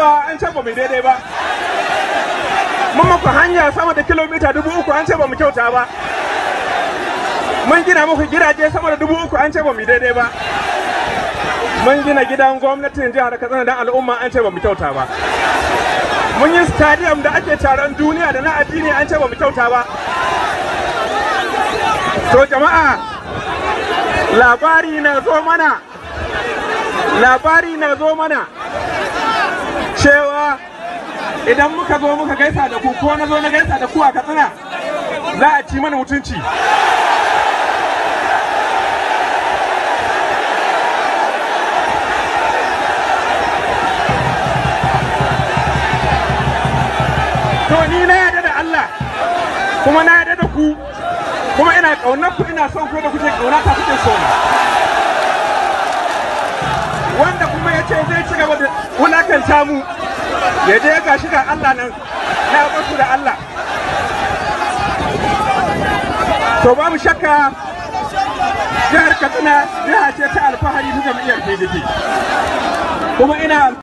ba an ce ba mai daidai ba mun muku hanya sama da kilomita dubu uku an ce ba mu kyauta ba mun gina muku gidaje sama da dubu uku an ce ba mu daidai ba mun gina gidan gwamnatin jihar katsina don al'umma an ce ba mu kyauta ba mun yi stadium da ake taron duniya da na addini an ce ba mu kyauta ba to jama'a labari na zo mana labari na zo mana cewa idan muka zo muka gaisa da ku ko na zo na gaisa da ku a katsina za a ci mana mutunci to ni na yarda da Allah kuma na yada da ku kuma ina ƙaunar ku ina son ku da kuke ƙauna ta kuke so wanda kuma ya ce zai ci gaba da wulakanta mu ya je ga shi ga Allah nan na baku da Allah to babu shakka jihar Katsina jiha ce ta alfahari ta jam'iyyar PDP kuma ina